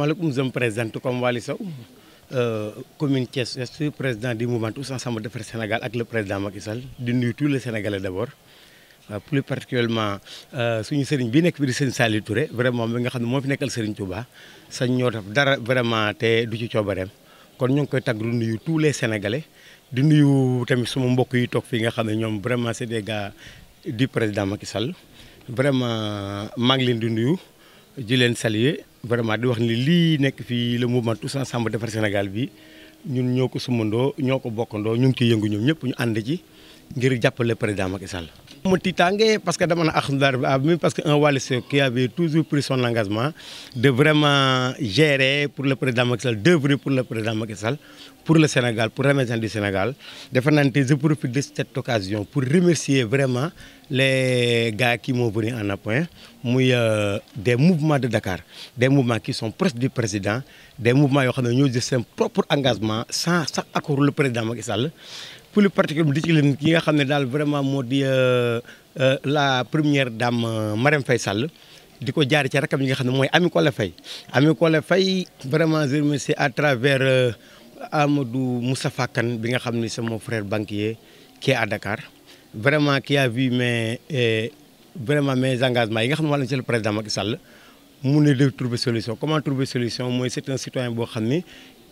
maaleykum je me présente comme Waly Sow euh, commune Thiès Ouest président du mouvement Tous Ensemble Defar Sénégal ak le président Macky Sall di nuyu tous les Sénégalais d'abord euh, plus particulièrement euh, suñu sëriñ bi nekk bi di sëriñ Saliou Touré vraiment mi nga xam ne moo fi nekkal sëriñ Touba sañ ñoo def dara vraiment te du ci coobareem kon ñoo ngi koy tàgg du nuyu tous les Sénégalais di nuyu tamit suma mbokk yi toog fii nga xam ne ñoom vraiment c'est des gars du président Macky Sall vraiment maa ngi leen di nuyu di leen saluer vraiment di wax ni lii nekk fii le mouvement san ensemble defar Sénégal bi ñun ñoo ko sumandoo ñoo ko bokkandoo ñu ngi ciy yëngu ñoom ñëpp ñu ànd ci ngir jàppale président Macky Sall. mu tiitaange parce que dama na alhamdulilah bi ah, parce que un Waalisien qui avait toujours pris son engagement de vraiment gérer pour le président Macky Sall d'œuvrer pour le président Macky pour le Sénégal pour l'émergence du Sénégal defe naa ne je profite de cette occasion pour remercier vraiment les gars qui m'ont venu en appoint muy euh, des mouvements de Dakar des mouvements qui sont proches du président des mouvements yoo xam ne ñoo jël seen propre engagement sans sax accord le président Macky plus particulièrement di ci leen ki nga xam ne daal vraiment moo di euh, euh, la première dame euh, Marème fay Sall di ko jaar ci rakam yi nga xam ne mooy Ami Collé Faye Ami Collé fay vraiment je remercie à travers Amadou Moustapha Kane bi nga xam ni c'est mon frère banquier qui à Dakar vraiment qui a vu mais vraiment mes engagements yi nga xam ne wàllu ci le président Macky Sall mu ne de trouver solution comment trouver solution mooy c'est un citoyen boo xam ni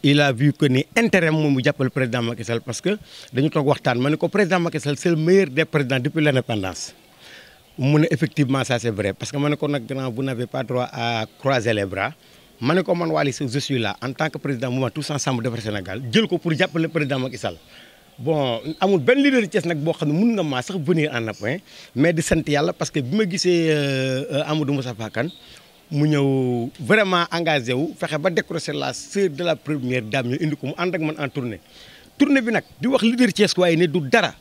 il a vu que ni intérêt moom mu jàppale président Macky Sall parce que dañu toog waxtaan ma ne ko président Macky Sall c'est le meilleur des présidents depuis l'indépendance mu ne effectivement ça c'est vrai parce que ma ne ko nag grand vous n'avez pas droit à croiser les bras ma ko man Waly Sow je là en tant que président mouvement tous ensemble defar Sénégal jël ko pour jàppale président Macky Sall bon amul benn leader Thiès nag boo xam ne mun nga maa sax venir en appoint mais di sant yàlla parce que bi ma gisee euh, euh, Amadou mu ñëw vraiment engagé wu fexe ba décrocher la sœur de la première dame ñu indi ko mu ànd man en tournée. tournée bi nag di wax leader Thiès waaye ne du dara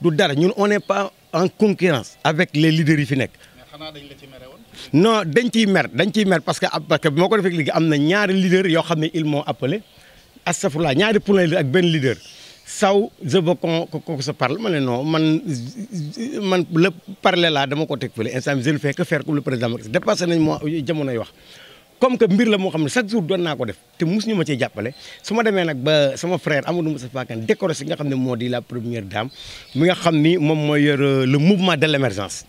du dara ñun on n'est pas en concurrence avec les leaders yi fi nekk. xanaa dañ la ci mere woon non dañ ciy mer dañ ciy mer parce que parce que bi ko defee léegi am na ñaari leader yoo xam ne ils m'ont appelé astafurlah ñaari poulain ak benn leader. saw je veux qu'on qu'on se parle ma ne non man man le parler laa dama ko teg fële instant je ne fais que faire comme le président Macky dépassé nañ moo euh, jamonoy wax. comme que mbir la moo xam ne chaque jour doon naa ko def te mus ñu ma cee jàppale su ma demee nag ba sama frère Amadou Moustapha Kane décoré si nga xam ne moo di la première dame mi nga xam ni moom mooy yor euh, le mouvement de l'émergence.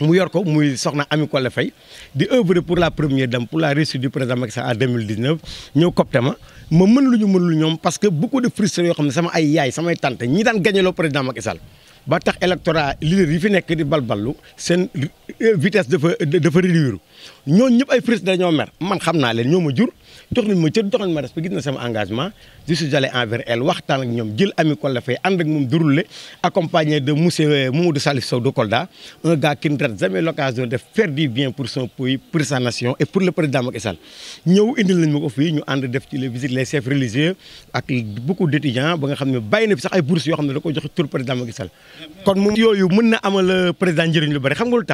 mu yor ko muy soxna Ami Collé Faye di œuvre pour la première dame pour la réussite du président Macky Sall en 2019 ñëw copte ma ma mën ñu mënul ñoom parce que beaucoup de frustrés yoo xam ne sama ay yaay samay tante ñi daan gañeloo président Macky Sall ba tax électorat leader yi fi nekk di balballu seen vitesse dafa dafa réduire ñooñu ñëpp ay président dañoo mer man xam naa leen ñoo ma jur jox nañ ma cër jox gis na sama engagement je suis allé envers elle waxtaan ak ñoom jël ami Kolda Faye ànd ak moom déroulé accompagné de monsieur euh, Mamadou Salif Sow de Kolda un gars ne rate jamais l'occasion de faire du bien pour son pays pour sa nation et pour le président Macky Sall ñëw indil nañ ma ko fii ñu ànd def ci les visites les chefs religieux ak beaucoup d'étudiants ba nga xam ne bàyyi na fi sax ay bourses yoo xam ne da ko jox tur président euh, nga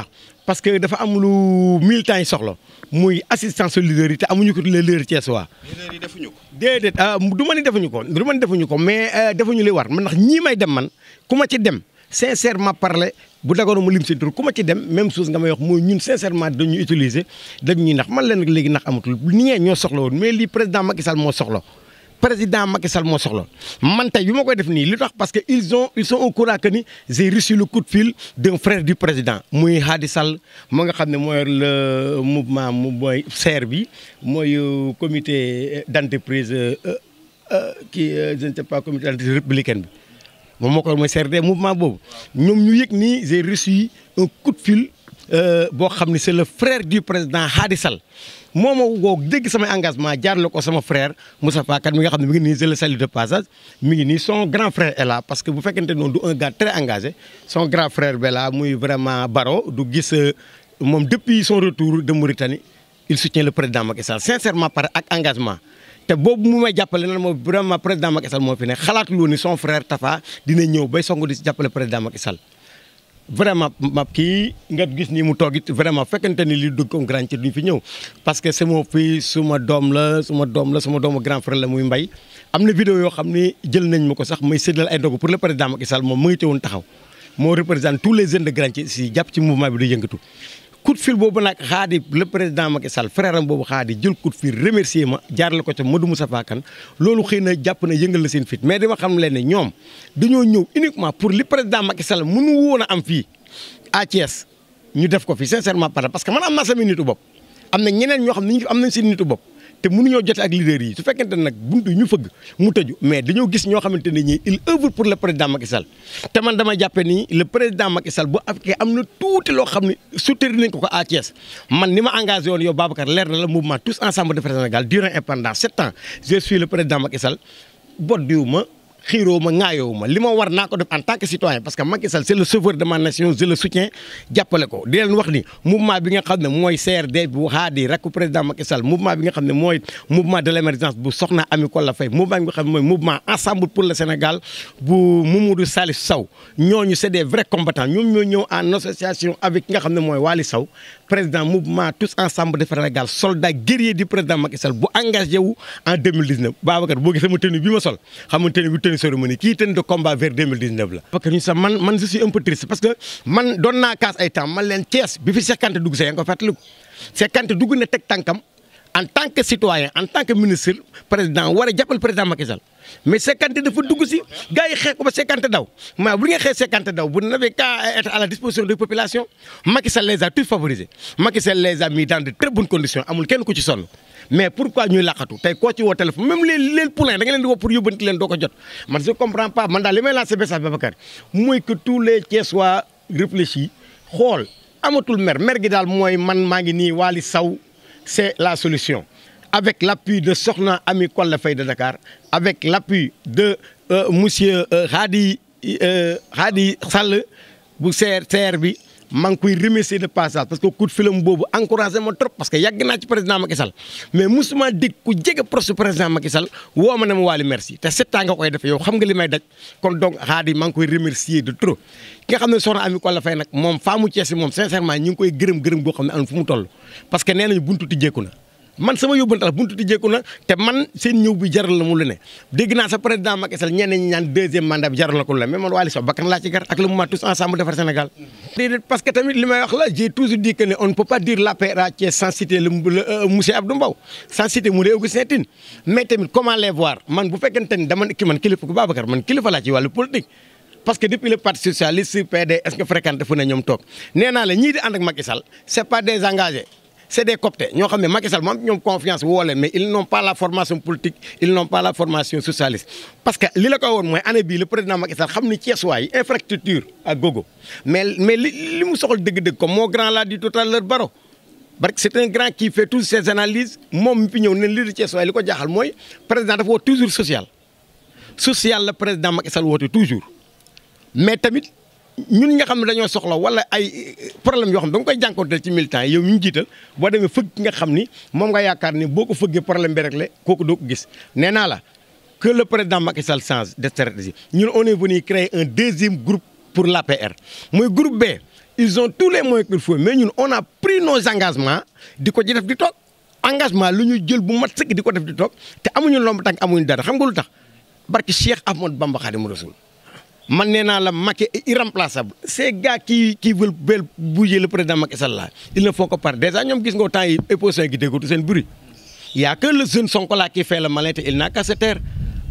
lu tax yi soxla muy assistance aux amuñu ko les leaders Thiès waa. Ah, ko. du ma ni defuñu ko ko mais euh, defuñu li war man ndax ñii may dem man ku ma ci dem sincèrement parler bu dagoon mu lim seen tur ku ma ci dem même chose nga may wax mooy ñun sincèrement dañu utiliser dañuy ndax man leen léegi ndax amatul ni ñee ñoo soxla woon mais président Macky Sall moo soxla. président Macky Sall moo soxla man tey bi ma koy def nii li tax parce que ils ont ils sont au courant que ni j'ai reçu le coup de fil d'un frère du président muy Hadi Sall moo nga xam ne mooy le mouvement mooy serre bi mooy euh, comité d'entreprise euh, euh, kii je ne sais pas comité d'entreprise républicaine bi moom moo koy mooy CRD mouvement boobu ñoom ñu yëg nii j'ai reçu un coup de fil Euh, boo xam ni c'est le frère du président Hady Sall moo ma woo dégg engagement jaarale ko sama frère Moustapha Kane mi nga xam ne mi ngi nii je le de passage mi ngi nii son grand frère est parce que bu fekkente noonu du un gars très engagé son grand frère bi là muy vraiment Baro du gis euh, moom depuis son retour de Mauritanie il soutient le président Macky Sall sincèrement par ak engagement te boobu mu may jàppale nan moom vraiment président Macky Sall ñëw bay songu di jàppale président Macky vraiment map kii nga gis nii mu toog it vraiment fekkente ni li dugg concurrence duñ fi ñëw parce que sama fii suma doom la suma doom la suma doomu grand frère la muy mbay am na vidéo yoo xam ne jël nañ ma ko sax may séddal ay ndogu pour le président Macky Sall moom mu ngi teewoon taxaw moo représente tous les jeunes de Grand Thiès si jàpp ci mouvement bi du yëngatu coup de fil boobu nag xaadi le président Macky Sall frère am boobu xaadi jël coup de fil remercier ma jaarale ko ca Modou Moustapha Kane loolu xëy na jàpp na yëngal la seen fit mais dama xam leen ne ñoom dañoo ñëw uniquement pour li président Macky Sall mënu woon a am fii à Thiès ñu def ko fi sincèrement parce que man am naa sama nitu bopp am na ñeneen ñoo xam ne am nañ seen nitu bopp. te mënuñoo jot ak leader yi su fekkente nag buntu ñu fëgg mu tëju mais dañoo gis ñoo xamante ne ñii il oeuvre pour le président Macky Sall te man dama jàppe nii le président Macky Sall bu affaire am na tuuti loo xam ne soutenir nañ ko ko à man ni ma engagé woon yow Babacar leer na la mouvement tous ensemble de Sénégal durant pendant sept ans je suis le président Macky Sall boddiwu ma xiiroo ma ŋaayoo ma li ma war naa ko def en tant que citoyen parce que Macky Sall c'est le sauveur de ma nation je le ko di leen wax mouvement bi nga xam ne mooy CRD bu xaadi rakku président Macky Sall mouvement bi nga xam ne mooy mouvement de l'émergence bu Soxna Ami Kolla Faye mouvement bi nga xam ne mooy mouvement ensemble pour le Sénégal bu Mamadou Salif Sow ñooñu c'est des vrais combattants ñoom ñoo ñëw en association avec ki nga xam ne mooy waali saw président mouvement tous ensemble defar Sénégal soldat guerrier di président Macky Sall bu engagé wu en 2019 Babacar boo gisee sama tenue bi ma sol xam nga tenue bi tenue cérémonie kii tenue de combat vers la. man man je parce que man doon naa kaas man leen Thiès bi fi Cheikh Kanté sa yaa ngi ko fàttaliku na teg tànkam. en tant que citoyen en tant que ministre président war a jàppal président Macky Sall mais cinquante dafa dugg si gars ba cinquante daw maa bu ngeen xeex cinquante daw bu n'avez qu'à être à la disposition des populations Macky Sall les a tous favorisés Macky Sall les a mis dans de très bonnes conditions amul kenn ku ci sonn mais pourquoi ñuy laqatu tey koo ci téléphone même les les poulains da di woo pour yóbbanti leen doo jot man je comprends pas man daal li may maa ngi nii Waly Sow c'est la solution. Avec l'appui de Sorna Ami Kwalafay de Dakar, avec l'appui de euh, Monsieur euh, Hadi euh, Hadi Sall, bu CRTR bi maa ngi koy remercier de passage parce que coup de film boobu encouragé trop parce que yàgg naa ci président Macky Sall mais musuma dégg ku jege proche président Macky Sall woo ma ne ma Waly merci te sept ans nga koy def yow xam nga li may daj kon donc Khady maa ngi koy remercier de trop. ki nga xam ne soxna Amy Collé Faye nag moom faamu Thiès moom sincèrement ñu ngi koy gërëm gërëm goo xam ne am fu mu toll parce que nee nañu buntu tijjeeku na. man sama yóbbantal buntu tijjeeku na te man seen ñëw bi jaral na mu lu ne dégg naa sa président Macky Sall ñenn ñi ñaan deuxième mandat bi jaral na ko lu ne man Waly Sow bakkan laa ci gar ak le mouvement tous ensemble defar Sénégal. parce que tamit li may wax la j'ai toujours dit que ne on peut pas dire l'APR à Thiès sans citer le euh, monsieur Abdou Mbow sans citer mu Augustin Tine tamit comment les man bu fekkente ni dama ki man kilifa ku Babacar man kilifa laa ci wàllu politique. parce que depuis le parti socialiste PDS c'est des coptes ñoo xam ne Macky Sall moom ñoom confiance woo leen mais ils n'ont pas la formation politique ils n'ont pas la formation socialiste. parce que li la ko woon mooy année bii président Macky Sall ni Thiessois infrastructure ak gogo mais li li mu soxla dëgg-dëgg ko moo grand l'a dit tout à l'heure Baro. parce que c'est un grand qui fait toutes ses moom mi fi ñëw ne li di Thiessois li ko jaaxal mooy président dafa woo toujours social. social la président Macky Sall woote toujours mais tamit. ñun nga xam ne dañoo soxla wala ay eh, problème yoo xam ne da nga koy jànkonteel ci militant yi yow ñu jiital boo demee fëgg ki nga xam ni moom nga yaakaar ni boo ko fëggee problème bi rek la kooku doo ko gis nee naa la que le président Macky Sall change de stratégie ñun on est venu créer un deuxième groupe pour la l'APR mooy groupe B ils ont tous les moyens qu'il faut mais ñun on a pris nos engagements di ko ci def di toog engagement lu ñu jël bu mat sëkk di ko def di toog te amuñu lomb tànk amuñu dara xam nga lu tax barke Cheikh Ahmadou Bamba Khadimu Rasul man nee naa la Macky est irremplaçable ces gars qui qui veulent veulent bouger le président Macky Sall là ils ne font par déjà ñoom gis nga temps yi opposition gi déggatu seen bruit y a que le jeune Sonko là qui fait le te il n'a qu'à se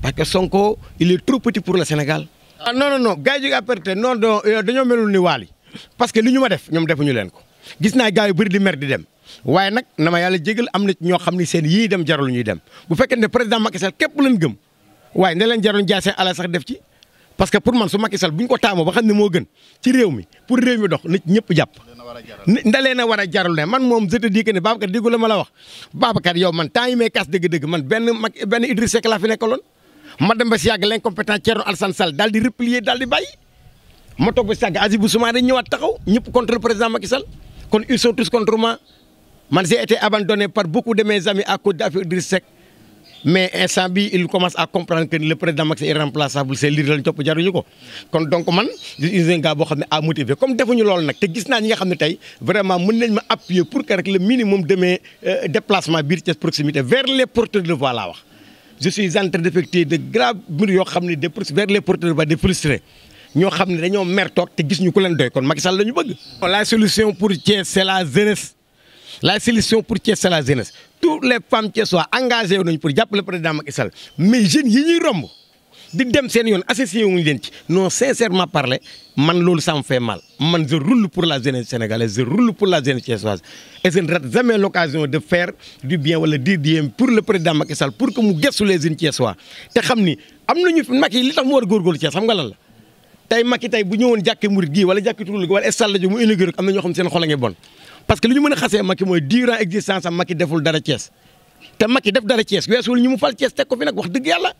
parce que Sonko il est trop petit pour le Sénégal. ah non non non gars yi jógee non non euh, dañoo melul ni Wally parce que lu ñu ma def ñoom defuñu leen ko gis naa gars yu bëri di mer di dem. waaye nag na ma yàlla jégal am na ñoo xam ni seen yii dem jarul ñuy dem bu fekkee ne président Macky képp lañ gëm waaye ne leen jarul jaay seen sax def ci. parce que pour man su Macky Sall bu ñu ko taamoo ba xam ne moo gën ci réew mi pour réew mi dox nit ñëpp jàpp. ndalee na war a jaral ne man moom je te dis que ne Babacar déggu la ma la wax. Babacar yow man temps yi may kaas dëgg-dëgg man benn mag benn Idriss Seck laa fi nekkaloon ma dem ba si yàgg l'incompétent Thierno Alassane Sall daal di replier daal di bàyyi. ma toog ba si yàgg Hadjibou Soumaré ñëwaat taxaw ñëpp contre le président Macky Sall kon ils sont tous contre man j'ai été abandonné par beaucoup de mes amis à cause d'affaire mais instant bi il commence à comprendre que le président Macky est irremplaçable c'est lire lañ topp jaruñu ko kon donc man un gars boo xam ne à motiver comme defuñu lool nag te gis naa ñi nga xam ne tey vraiment mën nañ ma appuyer pour que rek le minimum demee euh, déplacement biir Thiès proximité vers les porteurs de voix laa wax je suis en train de graves mbir yoo xam ne de vers les porteurs de voix des frustrés ñoo xam ne dañoo mer toog te gis ñu ku leen doy kon Macky Sall la ñu bëgg la pour toutes les femmes thiessois engagé wu nañ pour jàppale président Macky Sall mais jeunes yi ñuy romb di seen yoon associé wuñu leen ci non sincèrement parler man loolu ça me fait mal man je roule pour la jeunesse sénégalaise je roule pour la jeunesse thiessoise et je ne rate jamais l'occasion du bien wala dire du bien pour le président Macky Sall pour que mu gëstu les jeunes thiessois te xam ni am nañu fi Macky li tax mu war a góorgóorlu Thiès xam nga lan la tey Macky tey bu ñëwoon jàkkee Mouride gii wala jàkkee Toulouse na ñoo xam seen xol a parce que li ñu mën a xasee Macky mooy durant existence am Macky deful dara Thiès te Macky def dara Thiès weesuwul ñu mu fal Thiès teg ko fi nag wax dëgg yàlla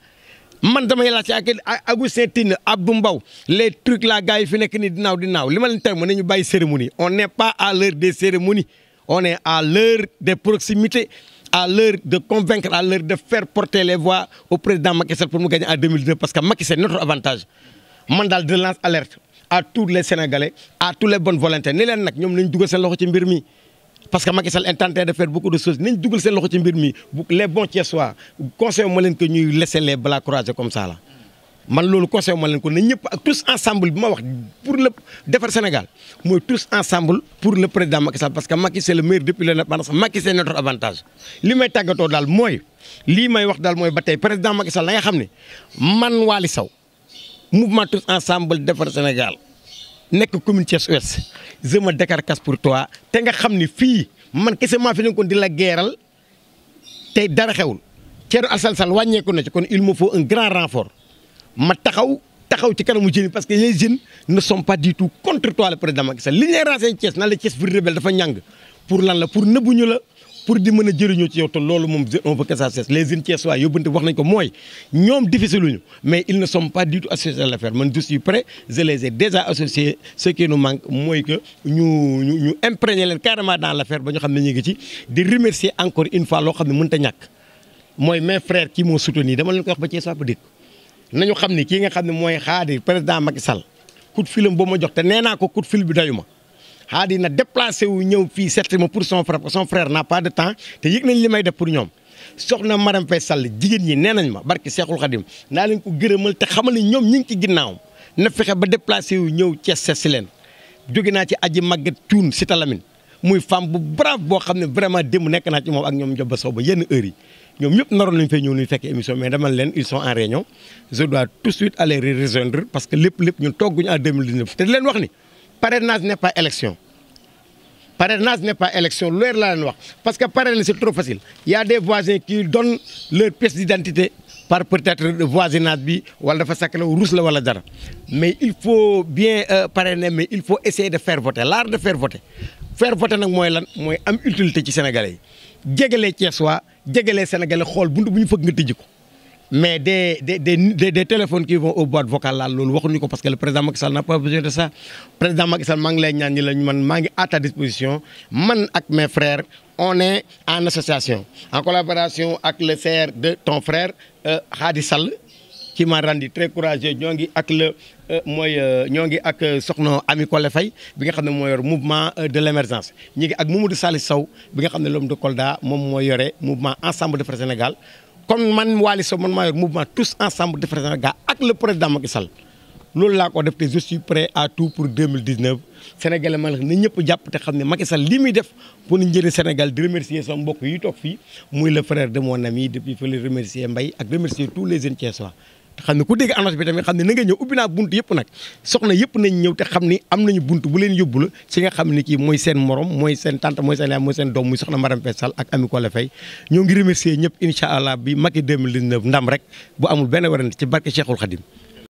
man damay laajte ak Augustin Tine Abdou Mbow les trucs la gars yi fi nekk nii dinaaw dinaaw li ma leen teg ma ne ñu bàyyi cérémonie on n'est pas à l'heure des cérémonies on est à l'heure des proximités à l'heure de convaincre à l'heure de faire porter les voix au président Macky Sall pour mu gagner en parce que Macky c'est n avantage man daal de alerte à tout le sénégalais à tous le bonnes volontés ni leen nag ñoom nañ dugal seen loxo ci mbir mi. parce que Macky Sall est tenté de faire beaucoup de choses nañ dugal seen loxo ci mbir mi bu les bons Thiessois conseil ma leen que ñuy laisser les bras croisés comme ça man loolu conseil ma leen ko ne ñëpp ak tous ensemble bi ma wax pour le defar Sénégal mooy tous ensemble pour le président Macky Sall parce que Macky c'est le meilleur depuis l'indépendance Macky c'est notre avantage. li may tàggatoo daal mooy lii may wax daal mooy ba tey président Macky Sall la nga xam ne man Waly Sow mouvement tous ensemble defar Sénégal nekk commune Thiès Ouest je me décarcasse pour toi te nga xam ni fii man kese maa fi nekkoon di la geeral tey dara xewul Thierno Alassane Sall wàññeeku na ci kon il me faut un grand renfort ma taxaw taxaw ci kanamu jeunes parce que les jeunes na sont pas du tout contre toi le président Macky Sall li ñu lay renseigné Thiès nan la Thiès bu rebelle dafa ñàng pour lan la pour nëbbuñu la. pour di mën a jëriñoo ci yow loolu moom on veut que ça cesse les jeunes Thiessois yóbbante wax nañ ko mooy ñoom difficile luñu mais ils ne sont pas du tout associés à l'affaire man je suis prêt les ai déjà associés ce qui nous manque mooy que ñu ñu ñu imprégner leen carrément dans l'affaire ba ñu xam ne ñu ngi ci di remercier encore une fois loo xam ne mënut a ñàkk mooy mes frères qui m'ont soutenu dama leen ko wax ba Thiessois ba dégg nañu xam ne kii nga xam ne mooy Khady président Macky Sall coup de fil te nee naa ko coup de fil bi xaadi na déplacé wu ñëw fii seetlu ma pour son frère n'a pas de temps te yëg nañ li may def pour ñoom soxna madame Faye Sall jigéen ñi nee nañ ma barki Seexul Xadim naa leen ko gërëmal te xamal ñoom ñu ngi ci ginnaawam na fexe ba déplacé wu ñëw Cees seet leen jóge naa ci aji màgget cuun si talamin muy femme bu brave boo xam ne vraiment démb nekk naa ci moom ak ñoom Ndioba Sow yenn heures ñoom ñëpp naroon nañu fay ñëw ñu fekk émission mais dama leen ils sont en leen wax ni. parrainage n'est pas élection parrainage n'est pas élection lu leer laa leen wax parce que parrainage c'est trop facile il y a des voisins qui donnent leur pièce d'identité par peut-être voisinage bi wala dafa sakk la ruus la wala dara mais il faut bien euh, parrainer mais il faut essayer de fair voter l'art de faire voter faire voter nag mooy lan mooy am utilité ci sénégalais yi jegalee Thiès waa jegalee sénégalais xool bunt bu ñu fëgg nga tijji ko mais des des des des téléphones qui vont aux boîtes vocales laal loolu waxuñu ko parce que le président Macky Sall n'a pas besoin de ça président Macky Sall maa ngi lay ñi la ñu man maa ngi à ta disposition man ak mes frères on est en association en collaboration ak le frère de ton frère euh, Khady Sall qui m'a rendu très courageux ñoo ngi ak le euh, mooy euh, ñoo ngi ak soxna Ami Collé Faye bi nga xam ne moo yor mouvement de l'émergence ñu ngi ak Mamadou sali saw bi nga xam ne l'homme de Kolda moom moo yore mouvement ensemble de frères Sénégal kon man Waly Sow man maa yor mouvement tous ensemble Defar Sénégal ak le président Macky Sall loolu laa ko def te je à tout pour 2019 sénégalais ma ne na ñëpp jàpp te xam ne Macky Sall li muy def pour njëriñ Sénégal di remercier sama mbokk yi toog fii muy le frère de mon ami depuis fi remercier Mbaye ak remercier tous les jeunes Thiessois xam ne ku dégg annonce bi tamit xam ne na nga ñëw ubbi naa bunt yëpp nag soxna yëpp nañ ñëw te xam ni am nañu bunt bu leen yóbbu la ci nga xam ni kii mooy seen morom mooy seen tante mooy seen yaay mooy seen doom muy soxna Marème Faye Sall ak Ami Collé Faye ñoo ngi remercier ñëpp incha allah bi Macky 2019 ndam rek bu amul benn werante ci barke Cheikhul Khadim